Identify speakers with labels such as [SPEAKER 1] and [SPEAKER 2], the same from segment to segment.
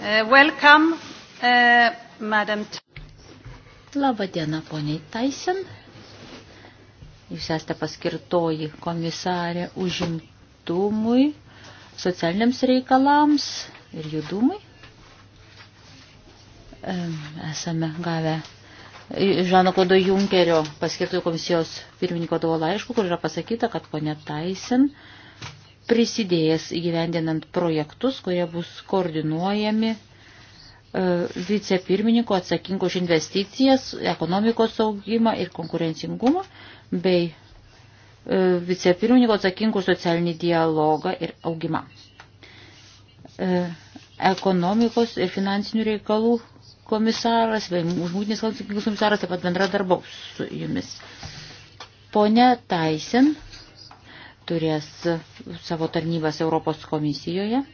[SPEAKER 1] Uh, welcome, uh, Madam. Labą dieną, poniai Tyson. Jūs esate paskirtoji komisarė užimtumui socialiniams reikalams ir judumui. Esame gavę Žano Klodo Junkerio paskirtojų komisijos pirmininko tavo laišku, kur yra pasakyta, kad ponė Taisin prisidėjęs įgyvendinant projektus, kurie bus koordinuojami e, vicepirmininko atsakingo už investicijas, ekonomikos saugimą ir konkurencingumą, bei E, vicepirmininko atsakingų socialinį dialogą ir augimą. E, ekonomikos ir finansinių reikalų komisaras, užmūtinės atsakingas komisaras taip pat bendradarbaus su jumis. Pone Taisen turės savo tarnybas Europos komisijoje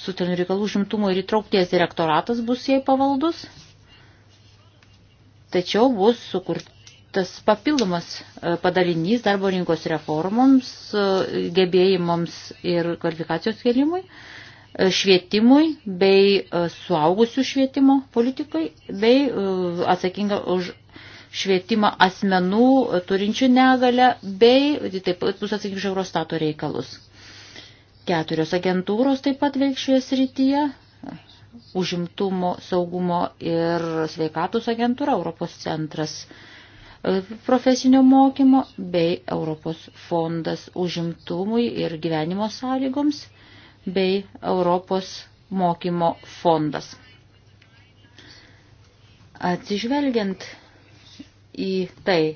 [SPEAKER 1] sutarinių reikalų žimtumo ir įtraukties direktoratas bus jai pavaldus, tačiau bus sukurti tas papildomas e, padalinys darbo rinkos reformoms, e, gebėjimams ir kvalifikacijos kelimui, e, švietimui bei suaugusių švietimo politikai, bei atsakinga už švietimą asmenų turinčių negalę, bei taip pat bus atsakingi už Eurostato reikalus. Keturios agentūros taip pat veiks šioje srityje užimtumo, saugumo ir sveikatos agentūra, Europos centras profesinio mokymo bei Europos fondas užimtumui ir gyvenimo sąlygoms bei Europos mokymo fondas. Atsižvelgiant į tai,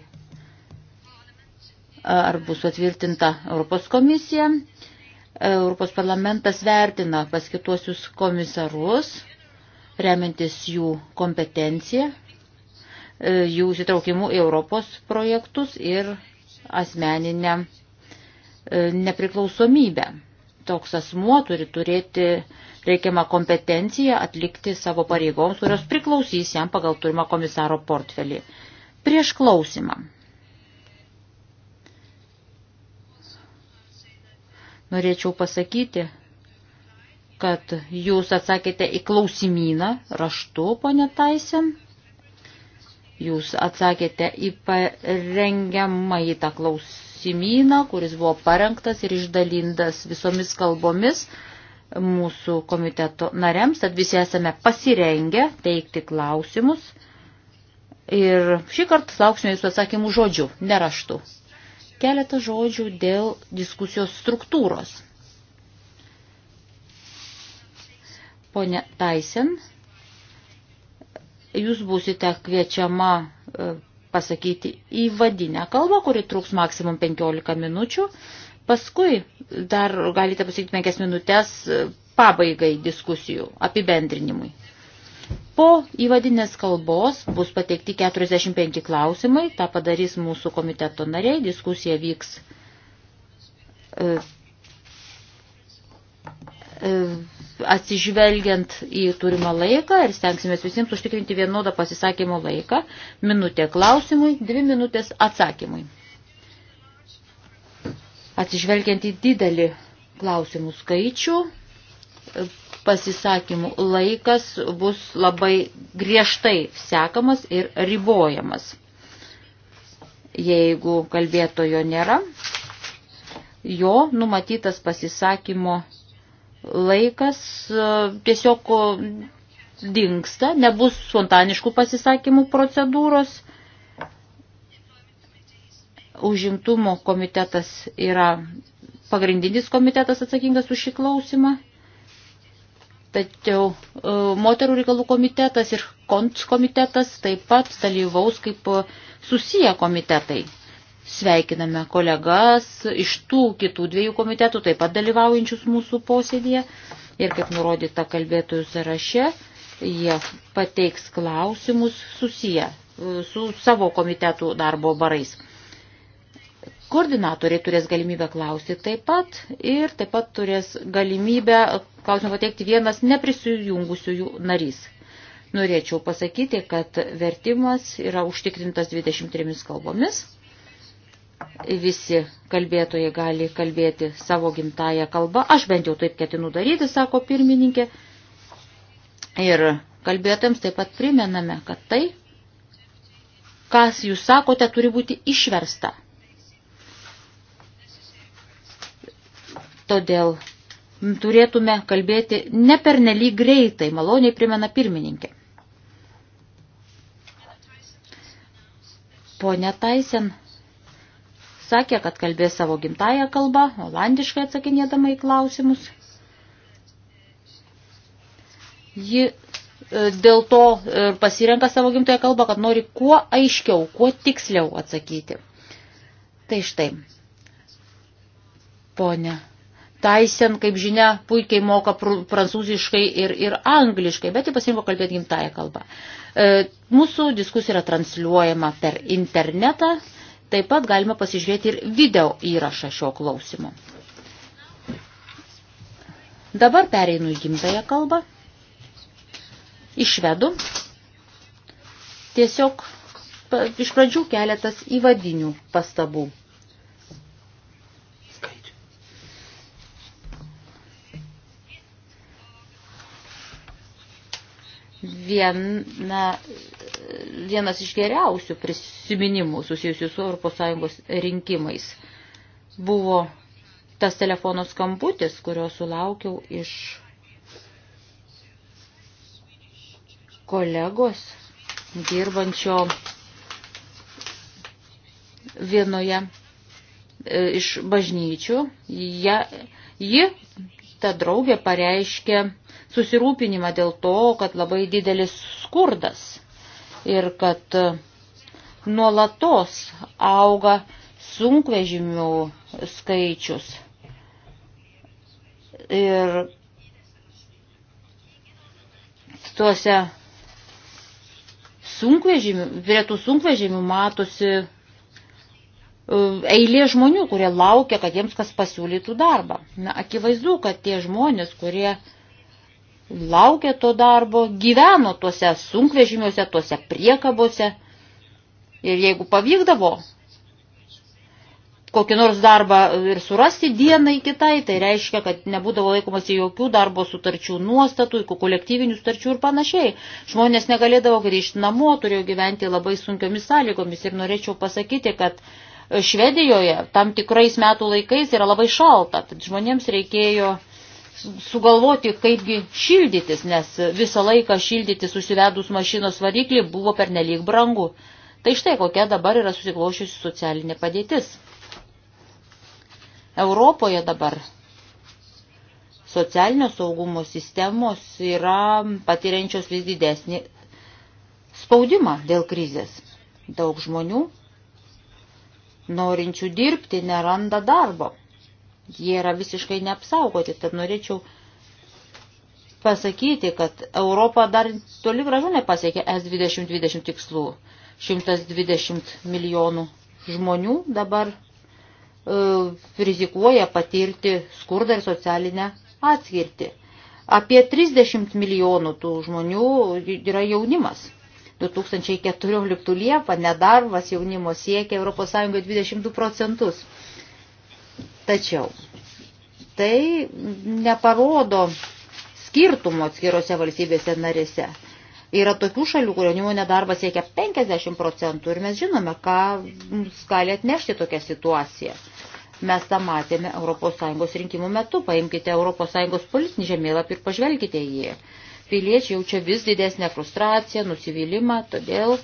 [SPEAKER 1] ar bus atvirtinta Europos komisija, Europos parlamentas vertina paskituosius komisarus, remiantis jų kompetenciją E, jų sitraukimu į Europos projektus ir asmeninę e, nepriklausomybę. Toks asmuo turi turėti reikiamą kompetenciją atlikti savo pareigoms, kurios priklausys jam pagal turimą komisaro portfelį. Prieš klausimą. Norėčiau pasakyti, kad jūs atsakėte į klausimyną raštu, ponė Taisen. Jūs atsakėte į parengiamą į tą klausimyną, kuris buvo parengtas ir išdalintas visomis kalbomis mūsų komiteto nariams, tad visi esame pasirengę teikti klausimus. Ir šį kartą lauksime jūsų atsakymų žodžių, neraštų. Keletą žodžių dėl diskusijos struktūros. Pone Taisen, jūs būsite kviečiama e, pasakyti įvadinę kalbą, kuri truks maksimum 15 minučių. Paskui dar galite pasakyti 5 minutės e, pabaigai diskusijų, apibendrinimui. Po įvadinės kalbos bus pateikti 45 klausimai, tą padarys mūsų komiteto nariai, diskusija vyks e, e, atsižvelgiant į turimą laiką ir stengsimės visiems užtikrinti vienodą pasisakymo laiką. Minutė klausimui, dvi minutės atsakymui. Atsižvelgiant į didelį klausimų skaičių, pasisakymų laikas bus labai griežtai sekamas ir ribojamas. Jeigu kalbėtojo nėra, jo numatytas pasisakymo laikas laikas e, tiesiog dinksta, nebus spontaniškų pasisakymų procedūros. Užimtumo komitetas yra pagrindinis komitetas atsakingas už šį klausimą. Tačiau e, moterų reikalų komitetas ir kont komitetas taip pat dalyvaus kaip e, susiję komitetai. Sveikiname kolegas iš tų kitų dviejų komitetų, taip pat dalyvaujančius mūsų posėdėje. Ir kaip nurodyta kalbėtojų sąraše, jie pateiks klausimus susiję e, su savo komitetų darbo barais. Koordinatoriai turės galimybę klausyti taip pat ir taip pat turės galimybę klausimą pateikti vienas neprisijungusiųjų narys. Norėčiau pasakyti, kad vertimas yra užtikrintas 23 kalbomis visi kalbėtojai gali kalbėti savo gimtają kalbą. Aš bent jau taip ketinu daryti, sako pirmininkė. Ir kalbėtojams taip pat primename, kad tai, kas jūs sakote, turi būti išversta. Todėl turėtume kalbėti ne per nelyg greitai, maloniai primena pirmininkė. Pone Taisen sakė, kad kalbės savo gimtają kalbą, olandiškai atsakinėdama į klausimus. Ji e, dėl to e, pasirenka savo gimtąją kalbą, kad nori kuo aiškiau, kuo tiksliau atsakyti. Tai štai, ponė. Taisen, kaip žinia, puikiai moka pr prancūziškai ir, ir angliškai, bet jį pasirinko kalbėti gimtają kalbą. E, mūsų diskusija yra transliuojama per internetą. E, Taip pat galima pasižiūrėti ir video įrašą šio klausimo. Dabar pereinu į gimtąją kalbą. Išvedu. Tiesiog iš pradžių keletas įvadinių pastabų. Viena vienas iš geriausių prisiminimų susijusių su ES rinkimais. Buvo tas telefono skambutis, kurio sulaukiau iš kolegos dirbančio vienoje e, iš bažnyčių. Ja, ji, ta draugė, pareiškė susirūpinimą dėl to, kad labai didelis skurdas ir kad e, nuolatos auga sunkvežimių skaičius. Ir tuose sunkvežimių, prie tų sunkvežimių matosi e, eilė žmonių, kurie laukia, kad jiems kas pasiūlytų darbą. Na, akivaizdu, kad tie žmonės, kurie uh, laukė to darbo, gyveno tuose sunkvežimiuose, tuose priekabose. Ir jeigu pavykdavo kokį nors darbą ir surasti dienai kitai, tai reiškia, kad nebūdavo laikomasi jokių darbo sutarčių nuostatų, kolektyvinių sutarčių ir panašiai. Žmonės negalėdavo grįžti namo, turėjo gyventi labai sunkiomis sąlygomis ir norėčiau pasakyti, kad Švedijoje tam tikrais metų laikais yra labai šalta, tad žmonėms reikėjo sugalvoti, kaipgi šildytis, nes visą laiką šildytis užsivedus mašinos variklį buvo pernelyg brangu. Tai štai kokia dabar yra susiklošiusi socialinė padėtis. Europoje dabar socialinio saugumo sistemos yra patiriančios vis didesnį spaudimą dėl krizės. Daug žmonių, norinčių dirbti, neranda darbo jie yra visiškai neapsaugoti. Tad norėčiau pasakyti, kad Europa dar toli gražu nepasiekė S2020 tikslų. 120 milijonų žmonių dabar e, rizikuoja patirti skurdą ir socialinę atskirtį. Apie 30 milijonų tų žmonių yra jaunimas. 2014 liepą nedarbas jaunimo siekia ES 22 procentus. Tačiau tai neparodo skirtumo atskirose valstybėse narėse. Yra tokių šalių, kurio jaunimo nedarbas siekia 50 procentų ir mes žinome, ką mums gali atnešti tokia situacija. Mes tą matėme ES rinkimų metu. Paimkite ES politinį žemėlapį ir pažvelkite į jį. Piliečiai jaučia vis didesnę frustraciją, nusivylimą, todėl e,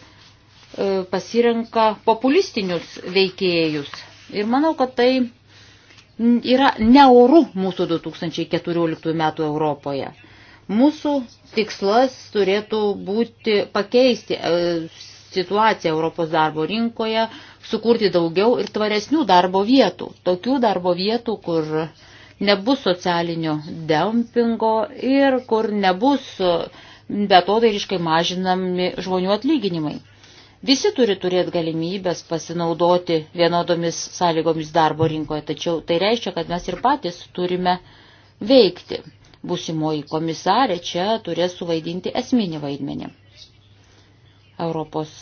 [SPEAKER 1] pasirenka populistinius veikėjus. Ir manau, kad tai yra neoru mūsų 2014 metų Europoje. Mūsų tikslas turėtų būti pakeisti e, situaciją Europos darbo rinkoje, sukurti daugiau ir tvaresnių darbo vietų. Tokių darbo vietų, kur nebus socialinio dempingo ir kur nebus e, betodairiškai mažinami žmonių atlyginimai. Visi turi turėti galimybės pasinaudoti vienodomis sąlygomis darbo rinkoje, tačiau tai reiškia, kad mes ir patys turime veikti. Būsimoji komisarė čia turės suvaidinti esminį vaidmenį. Europos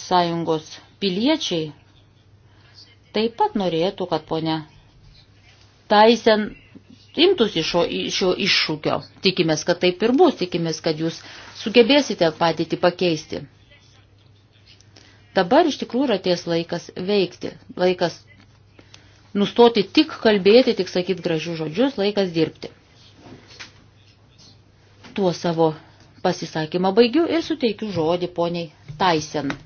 [SPEAKER 1] Sąjungos piliečiai taip pat norėtų, kad ponia Taisen imtųsi šio, šio iššūkio. Tikimės, kad taip ir bus, tikimės, kad jūs sugebėsite padėti pakeisti. Dabar iš tikrųjų yra ties laikas veikti, laikas nustoti tik kalbėti, tik sakyti gražių žodžius, laikas dirbti. Tuo savo pasisakymą baigiu ir suteikiu žodį poniai Taisen.